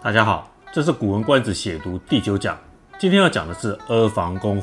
大家好，這是《古文觀止》寫讀第九講。今天要講的是《阿房宮賦》，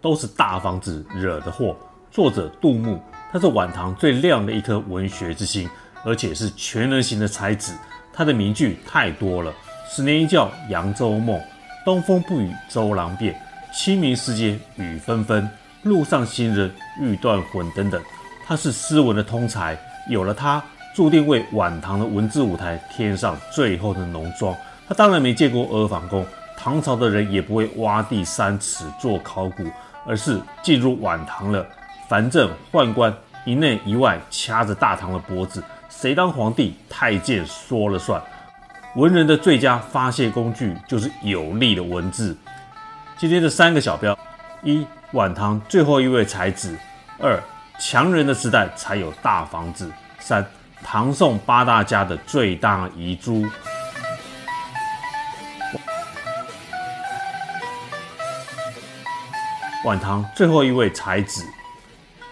都是大房子惹的禍。作者杜牧，他是晚唐最亮的一顆文學之星，而且是全能型的才子。他的名句太多了：十年一覺揚州夢，東風不與周郎便，清明時節雨紛紛，路上行人欲斷魂等等。他是詩文的通才，有了他。注定為晚唐的文字舞台添上最後的濃妝。他當然沒見過阿房宮，唐朝的人也不會挖地三尺做考古，而是進入晚唐了。藩鎮、宦官一內一外掐着大唐的脖子，誰當皇帝，太監說了算。文人的最佳發洩工具就是有力的文字。今天的三個小標：一、晚唐最後一位才子；二、強人的時代才有大房子；三。唐宋八大家的最大遺珠，晚唐最後一位才子，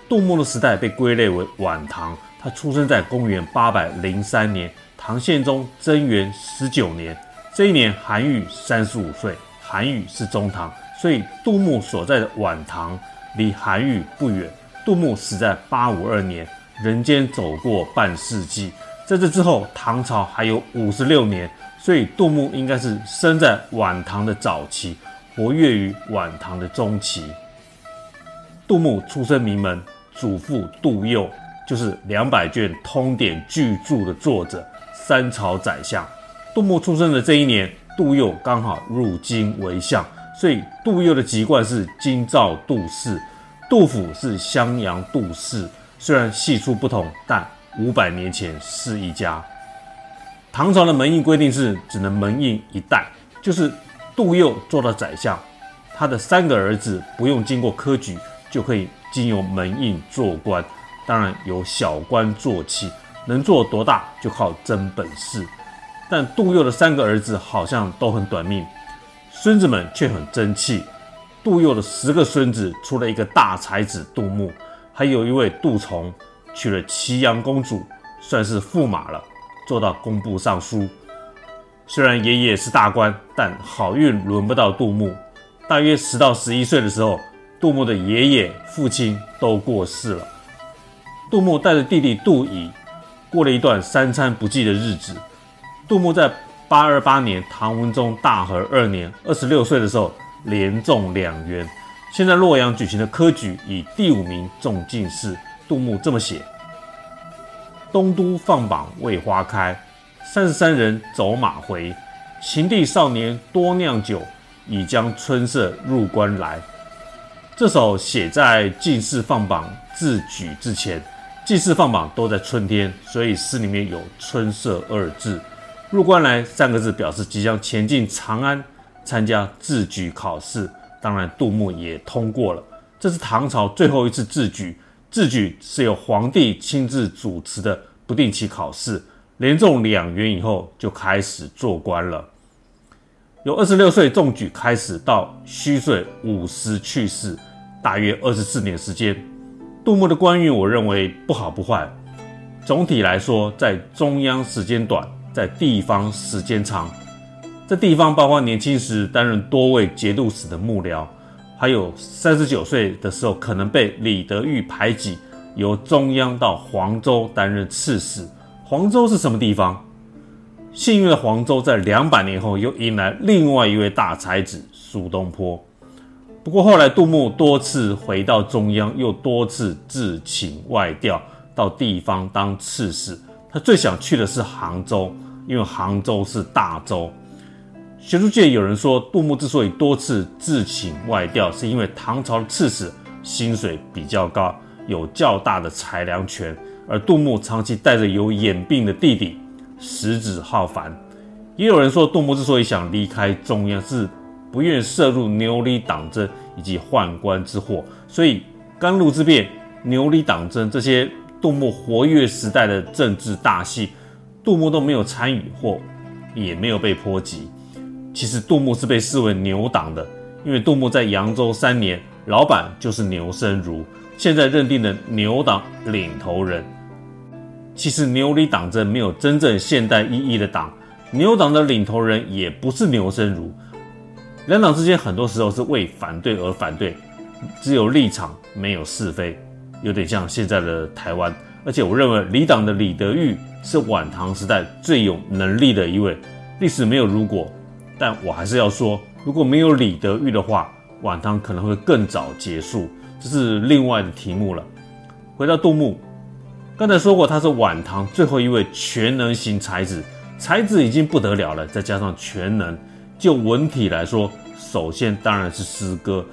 杜牧的時代被歸類為晚唐。他出生在公元八百零三年，唐憲宗貞元十九年。這一年，韓愈三十五歲。韓愈是中唐，所以杜牧所在的晚唐離韓愈不遠。杜牧死在八五二年。人間走過半世紀，在這之後，唐朝還有五十六年，所以杜牧應該是生在晚唐的早期，活躍於晚唐的中期。杜牧出生名門，祖父杜佑就是兩百卷《通典》巨著的作者，三朝宰相。杜牧出生的這一年，杜佑剛好入京為相，所以杜佑的籍貫是京兆杜氏，杜甫是襄陽杜氏。雖然系出不同，但五百年前是一家。唐朝的門蔭規定是只能門蔭一代，就是杜佑做了宰相，他的三個兒子不用經過科舉就可以經由門蔭做官，當然由小官做起，能做多大就靠真本事。但杜佑的三個兒子好像都很短命，孫子們卻很爭氣。杜佑的十個孫子出了一個大才子杜牧。還有一位杜悰娶了岐陽公主，算是駙馬了，做到工部尚書。雖然爺爺是大官，但好運輪不到杜牧。大約十到十一歲的時候，杜牧的爺爺、父親都過世了。杜牧帶着弟弟杜顗，過了一段三餐不繼的日子。杜牧在八二八年，唐文宗大和二年，二十六歲的時候，連中兩元。現在洛陽舉行的科舉，以第五名中進士。杜牧這麼寫：“東都放榜未花開，三十三人走馬回。秦地少年多釀酒，已將春色入關來。”這首寫在進士放榜、自舉之前。進士放榜都在春天，所以詩裡面有“春色”二字，“入關來”三個字表示即將前進長安，參加自舉考試。當然，杜牧也通過了。這是唐朝最後一次制舉，制舉是由皇帝親自主持的不定期考試。連中兩元以後，就開始做官了。由二十六歲中舉開始，到虛歲五十去世，大約二十四年時間。杜牧的官運，我認為不好不壞。總體來說，在中央時間短，在地方時間長。這地方包括年輕時擔任多位節度使的幕僚，還有三十九歲的時候可能被李德裕排擠，由中央到黃州擔任刺史。黃州是什麼地方？幸運的黃州在兩百年後又迎來另外一位大才子蘇東坡。不過後來杜牧多次回到中央，又多次自請外調到地方當刺史。他最想去的是杭州，因為杭州是大州。學術界有人說，杜牧之所以多次自請外調，是因為唐朝的刺史薪水比較高，有較大的裁量權。而杜牧長期帶着有眼病的弟弟，食指浩繁。也有人說，杜牧之所以想離開中央，是不願涉入牛李黨爭以及宦官之禍。所以甘露之變、牛李黨爭這些杜牧活躍時代的政治大戲，杜牧都沒有參與或也沒有被波及。其實杜牧是被視為牛黨的，因為杜牧在揚州三年，老板就是牛僧孺，現在認定的牛黨領頭人。其實牛李黨爭沒有真正現代意義的黨，牛黨的領頭人也不是牛僧孺，兩黨之間很多時候是為反對而反對，只有立場沒有是非，有點像現在的台灣。而且我認為李黨的李德裕是晚唐時代最有能力的一位，歷史沒有如果。但我還是要說，如果沒有李德裕的話，晚唐可能會更早結束，這是另外的題目了。回到杜牧，剛才說過他是晚唐最後一位全能型才子，才子已經不得了了，再加上全能，就文體來說，首先當然是詩歌。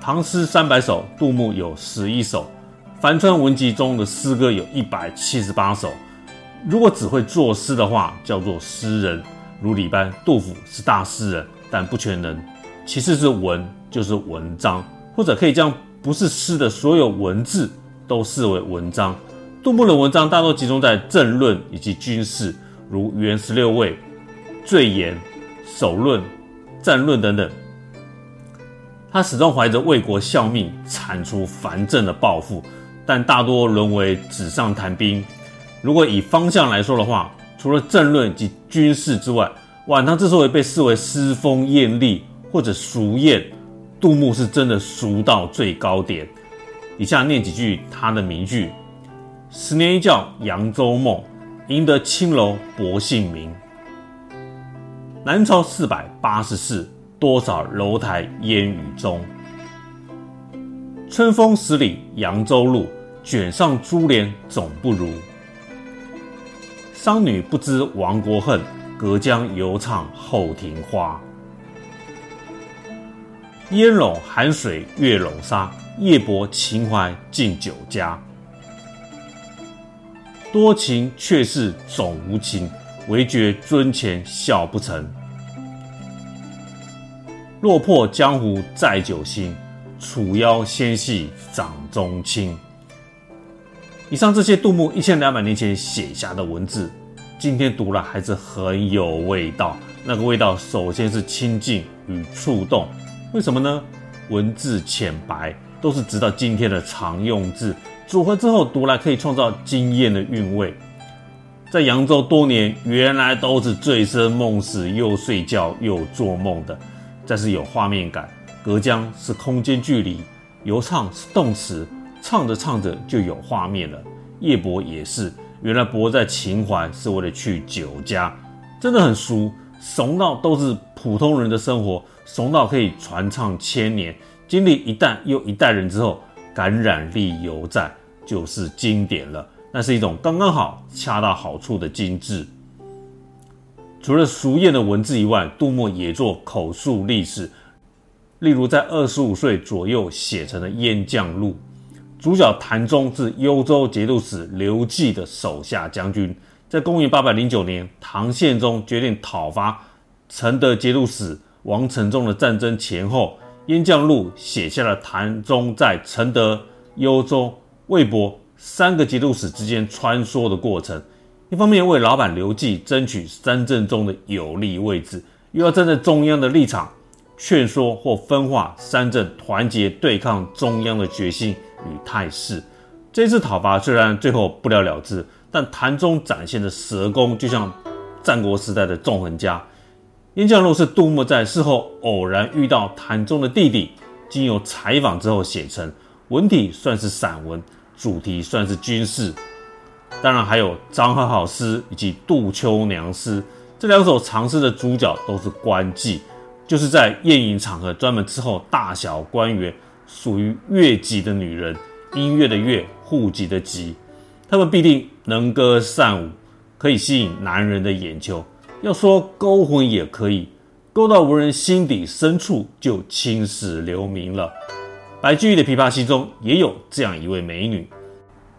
唐詩三百首，杜牧有十一首，《樊川文集》中的詩歌有一百七十八首。如果只會作詩的話，叫做詩人。如李白、杜甫是大詩人，但不全能。其次是文，就是文章，或者可以將不是詩的所有文字都視為文章。杜牧的文章大多集中在政論以及軍事，如《原十六位》《罪言》《守論》《戰論》等等。他始終懷着為國效命、鏟除藩鎮的抱負，但大多淪為紙上談兵。如果以方向來說的話，除了政論及軍事之外，晚唐之所以被視為詩風艷麗或者俗艷，杜牧是真的俗到最高點。以下念幾句他的名句：“十年一覺揚州夢，贏得青樓薄幸名。南朝四百八十寺，多少樓台煙雨中。春風十里揚州路，捲上珠簾總不如。”商女不知亡國恨，隔江猶唱後庭花。煙籠寒水月籠沙，夜泊秦淮近酒家。多情卻是總無情，唯覺樽前笑不成。落魄江湖載酒行，楚腰纖細掌中輕。以上這些杜牧一千兩百年前寫下的文字，今天讀來還是很有味道。那個味道，首先是清靜與觸動。為什麼呢？文字淺白，都是直到今天的常用字，組合之後讀來可以創造驚豔的韻味。在揚州多年，原來都是醉生夢死，又睡覺又做夢的，但是有畫面感。隔江是空間距離，猶唱是動詞。唱着唱着就有畫面了，夜泊也是。原來泊在秦淮是為了去酒家，真的很俗。俗到都是普通人的生活，俗到可以傳唱千年，經歷一代又一代人之後，感染力猶在，就是經典了。那是一種剛剛好、恰到好處的精致。除了俗艷的文字以外，杜牧也做口述歷史，例如在二十五歲左右寫成的《燕將錄》。主角譚忠是幽州節度使劉濟的手下將軍。在公元809年，唐憲宗決定討伐成德節度使王承宗的戰爭前後，燕將錄寫下了譚忠在成德、幽州、魏博三個節度使之間穿梭的過程。一方面為老板劉濟爭取三鎮中的有利位置，又要站在中央的立場。勸說或分化三鎮團結對抗中央的決心與態勢。這次討伐雖然最後不了了之，但譚忠展現的舌功就像戰國時代的縱橫家。《燕將錄》是杜牧在事後偶然遇到譚忠的弟弟，經由採訪之後寫成，文體算是散文，主題算是軍事。當然還有《張好好詩》以及《杜秋娘詩》，這兩首長詩的主角都是官妓。就是在宴飲場合專門伺候大小官員，屬於樂籍的女人，音樂的樂，戶籍的籍，她們必定能歌善舞，可以吸引男人的眼球。要說勾魂也可以，勾到無人心底深處，就青史留名了。白居易的《琵琶行》中也有這樣一位美女。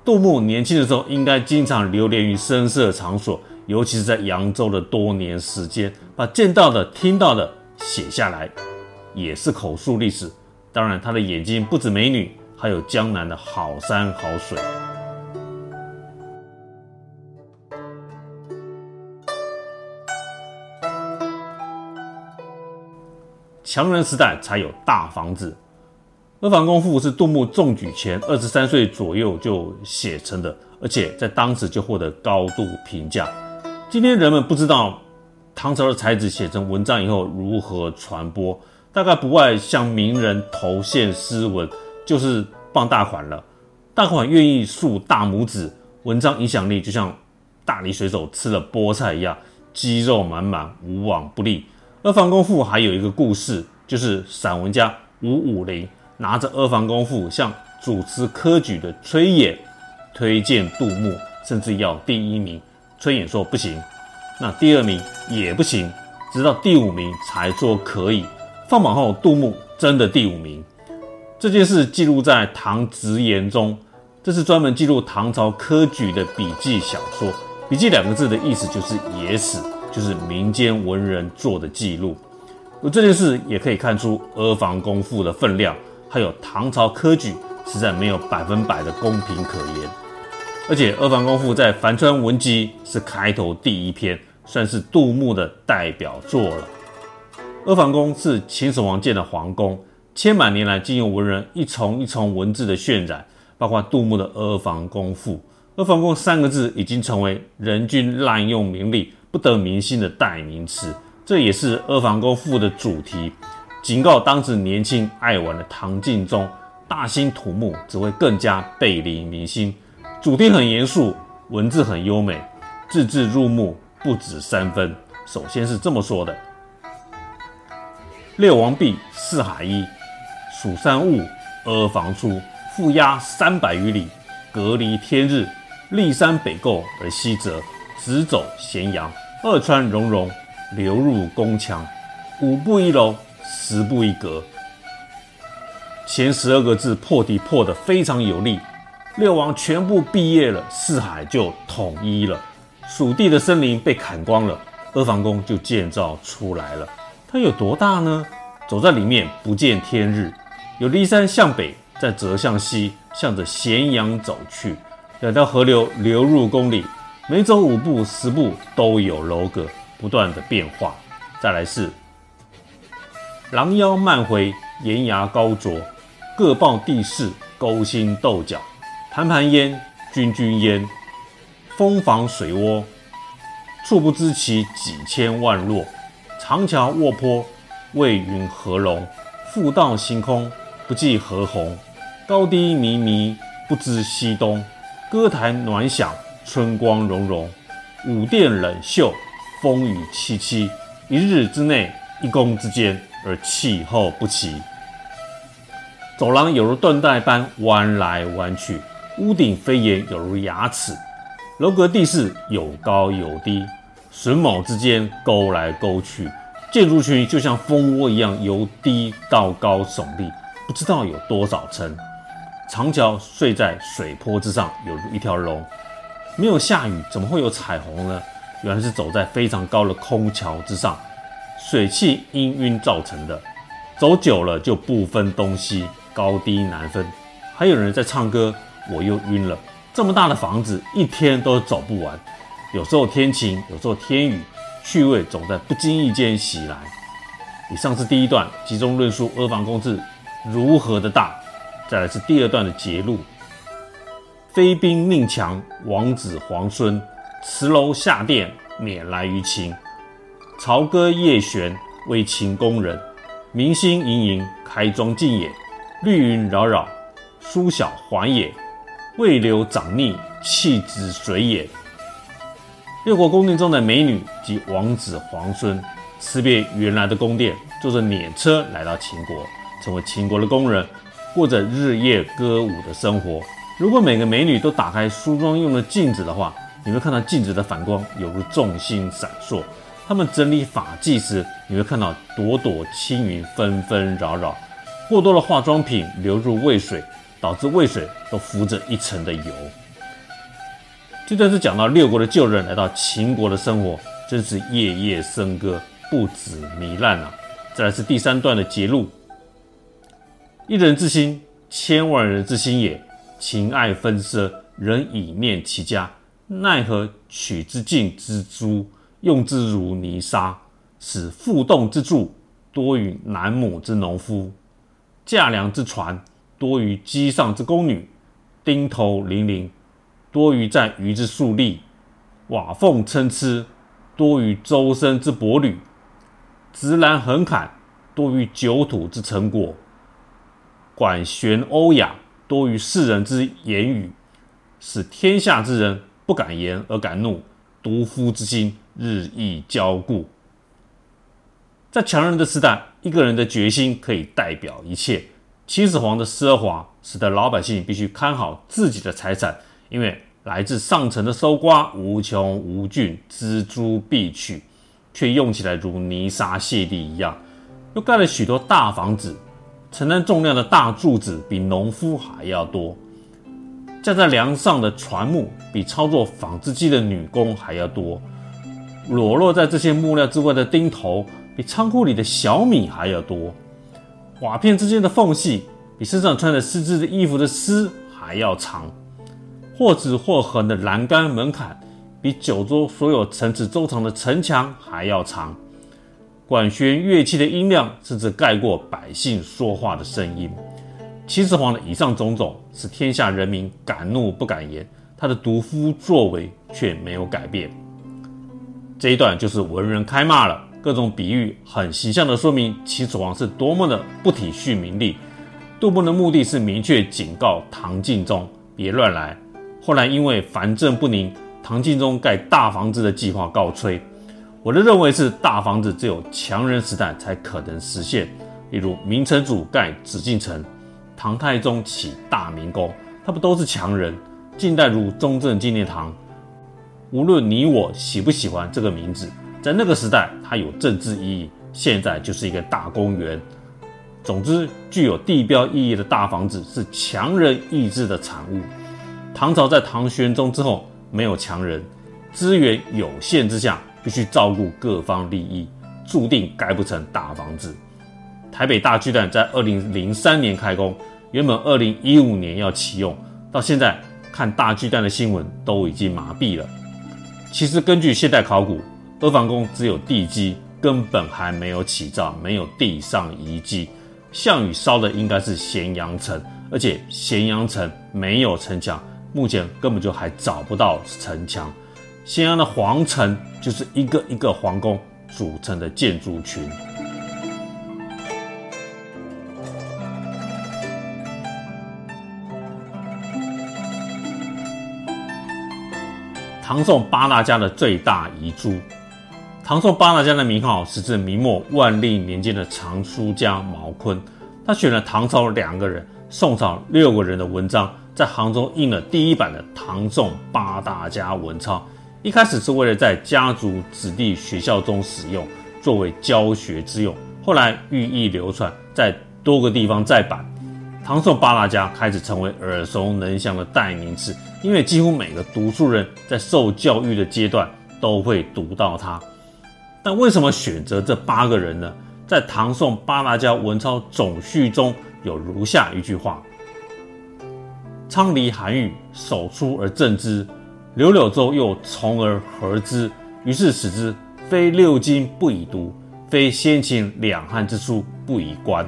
杜牧年輕的時候應該經常流連於聲色場所，尤其是在揚州的多年時間，把見到的、聽到的寫下來，也是口述歷史。當然，他的眼睛不止美女，還有江南的好山好水。強人時代才有大房子，《阿房宮賦》是杜牧中舉前二十三歲左右就寫成的，而且在當時就獲得高度評價。今天人們不知道。唐朝的才子寫成文章以後，如何傳播？大概不外向名人投獻詩文，就是傍大款了。大款願意豎大拇指，文章影響力就像大力水手吃了菠菜一樣，肌肉滿滿，無往不利。《阿房宮賦》還有一個故事，就是散文家吳武陵拿着《阿房宮賦》向主持科舉的崔琰推薦杜牧，甚至要第一名。崔琰說不行。那第二名也不行，直到第五名才說可以。放榜後，杜牧真的第五名。這件事記錄在《唐摭言》中，這是專門記錄唐朝科舉的筆記小說。筆記兩個字的意思就是野史，就是民間文人做的記錄。而這件事也可以看出《阿房宮賦》的分量，還有唐朝科舉實在沒有百分百的公平可言。而且，《阿房宮賦》在《樊川文集》是開頭第一篇。算是杜牧的代表作了。阿房宮是秦始皇建的皇宮，千百年來經由文人一重一重文字的渲染，包括杜牧的父《阿房宮賦》，「阿房宮」三個字已經成為人君濫用民力、不得民心的代名詞。這也是《阿房宮賦》的主題，警告當時年輕愛玩的唐敬宗大興土木只會更加背離民心。主題很嚴肅，文字很優美，字字入目。不止三分，首先是這麼說的：“六王畢，四海一，蜀山兀，阿房出，覆壓三百餘里，隔離天日。驪山北構而西折，直走咸陽。二川溶溶，流入宮牆。五步一樓，十步一閣。前十二個字破敵破的非常有力，六王全部畢業了，四海就統一了。”蜀地的森林被砍光了，阿房宮就建造出來了。它有多大呢？走在裡面不見天日。由驪山向北，再折向西，向着咸陽走去。兩條河流流入宮裡，每走五步、十步都有樓閣，不斷的變化。再來是廊腰縵回，簷牙高啄，各抱地勢，勾心鬥角，盤盤焉，囷囷焉。蜂房水渦，矗不知其幾千萬落；長橋臥波，未雲何龍？複道行空，不霽何虹？高低冥迷，不知西東。歌台暖響，春光融融；舞殿冷袖，風雨凄淒。一日之內，一宮之間，而氣候不齊。走廊猶如緞帶般彎來彎去，屋頂飛檐猶如牙齒。樓閣地勢有高有低，榫卯之間勾來勾去，建築群就像蜂窩一樣，由低到高聳立，不知道有多少層。長橋睡在水坡之上，有一條龍。沒有下雨，怎麼會有彩虹呢？原來是走在非常高的空橋之上，水汽氤氳造成的。走久了就不分東西，高低難分。還有人在唱歌，我又暈了。這麼大的房子，一天都走不完。有時候天晴，有時候天雨，趣味總在不經意間襲來。以上是第一段，集中論述阿房宮制如何的大。再來是第二段的節錄：妃嬪媵嬙，王子皇孫，辭樓下殿，輦來於秦。朝歌夜弦，為秦宮人。明星熒熒，開妝鏡也；綠雲擾擾，梳曉鬟也。渭流漲膩，棄脂水也。六國宮殿中的美女及王子皇孫辭別原來的宮殿，坐着輦車來到秦國，成為秦國的宮人，過着日夜歌舞的生活。如果每個美女都打開梳妝用的鏡子的話，你會看到鏡子的反光猶如眾星閃爍；她們整理髮髻時，你會看到朵朵青雲紛紛擾擾。過多的化妝品流入渭水。導致渭水都浮着一層的油。這段是講到六國的舊人來到秦國的生活，真是夜夜笙歌，不止糜爛啊！再來是第三段的節錄：一人之心，千萬人之心也。秦愛紛奢，人以念其家。奈何取之盡錙銖，用之如泥沙？使負棟之柱，多於南畝之農夫；架梁之椽。」多於機上之宮女，釘頭磷磷，多於在庾之粟粒，瓦縫參差；多於周身之帛縷，直欄橫檻；多於九土之成果，管弦嘔啞；多於市人之言語，使天下之人不敢言而敢怒。獨夫之心，日益驕固。在強人的時代，一個人的決心可以代表一切。秦始皇的奢華，使得老百姓必須看好自己的財產，因為來自上層的搜刮無窮無盡，錙銖必取，卻用起來如泥沙瀉地一樣。又蓋了許多大房子，承擔重量的大柱子比農夫還要多，架在梁上的椽木比操作紡織機的女工還要多，裸露在這些木料之外的釘頭比倉庫裡的小米還要多。瓦片之間的縫隙比身上穿着絲織的衣服的絲還要長，或直或橫的欄杆門檻比九州所有城池周長的城牆還要長，管弦樂器的音量甚至蓋過百姓說話的聲音。秦始皇的以上種種使天下人民敢怒不敢言，他的獨夫作為卻沒有改變。這一段就是文人開罵了。各種比喻很形象地說明齊楚王是多麼的不體恤民力。杜牧的目的是明確警告唐敬宗別亂來。後來因為藩鎮不寧，唐敬宗蓋大房子的計劃告吹。我的認為是大房子只有強人時代才可能實現。例如明成祖蓋紫禁城，唐太宗起大明宮，他不都是強人。近代如中正紀念堂，無論你我喜不喜歡這個名字。在那個時代，它有政治意義。現在就是一個大公園。總之，具有地標意義的大房子是強人意志的產物。唐朝在唐玄宗之後沒有強人，資源有限之下，必須照顧各方利益，注定蓋不成大房子。台北大巨蛋在二零零三年開工，原本二零一五年要啟用，到現在看大巨蛋的新聞都已經麻痹了。其實根據現代考古，阿房宮只有地基，根本還沒有起造，沒有地上遺跡。項羽燒的應該是咸陽城，而且咸陽城沒有城牆，目前根本就還找不到城牆。咸陽的皇城就是一個一個皇宮組成的建築群。唐宋八大家的最大遺珠。唐宋八大家的名號，始自明末萬曆年間的藏書家茅坤。他選了唐朝兩個人、宋朝六個人的文章，在杭州印了第一版的《唐宋八大家文鈔》。一開始是為了在家族子弟學校中使用，作為教學之用。後來寓意流傳，在多個地方再版，《唐宋八大家》開始成為耳熟能詳的代名詞，因為幾乎每個讀書人在受教育的階段都會讀到它。但為什麼選擇這八個人呢？在唐宋八大家文鈔總序中有如下一句話：“昌黎韓愈首出而正之，柳柳州又從而和之，於是使之非六經不以讀，非先秦兩漢之書不以觀。”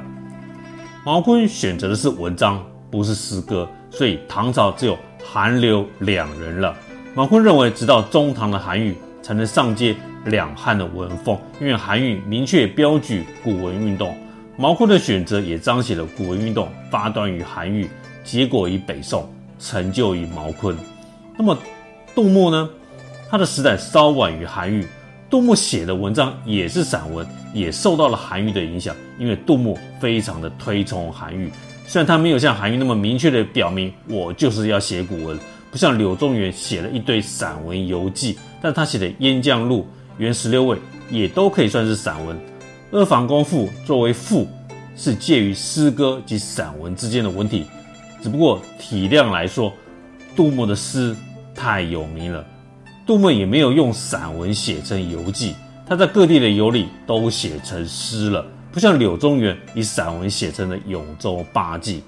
茅坤選擇的是文章，不是詩歌，所以唐朝只有韓柳兩人了。茅坤認為，直到中唐的韓愈才能上界。兩漢的文風，因為韓愈明確標舉古文運動，茅坤的選擇也彰顯了古文運動發端於韓愈，結果於北宋，成就於茅坤。那麼杜牧呢？他的時代稍晚於韓愈，杜牧寫的文章也是散文，也受到了韓愈的影響，因為杜牧非常的推崇韓愈。雖然他沒有像韓愈那麼明確的表明我就是要寫古文，不像柳宗元寫了一堆散文遊記，但他寫的《燕將錄》。原十六位也都可以算是散文，《阿房宮賦》作為賦，是介於詩歌及散文之間的文體。只不過體量來說，杜牧的詩太有名了，杜牧也沒有用散文寫成遊記。他在各地的遊歷都寫成詩了，不像柳宗元以散文寫成了《永州八記》。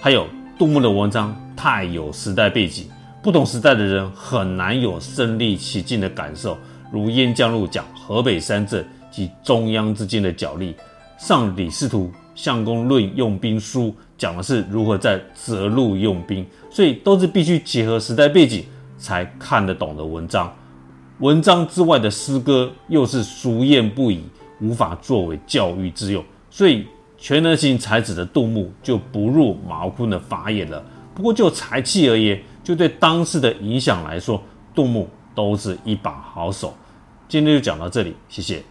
還有杜牧的文章太有時代背景，不懂時代的人很難有身歷其境的感受。如《燕將錄》講河北三鎮及中央之間的角力理，《上李司徒相公論用兵書》講的是如何在澤潞用兵，所以都是必須結合時代背景才看得懂的文章。文章之外的詩歌又是俗豔不已，無法作為教育之用，所以全能型才子的杜牧就不入茅坤的法眼了。不過就才氣而言，就對當世的影響來說，杜牧都是一把好手。今天就講到這裡，謝謝。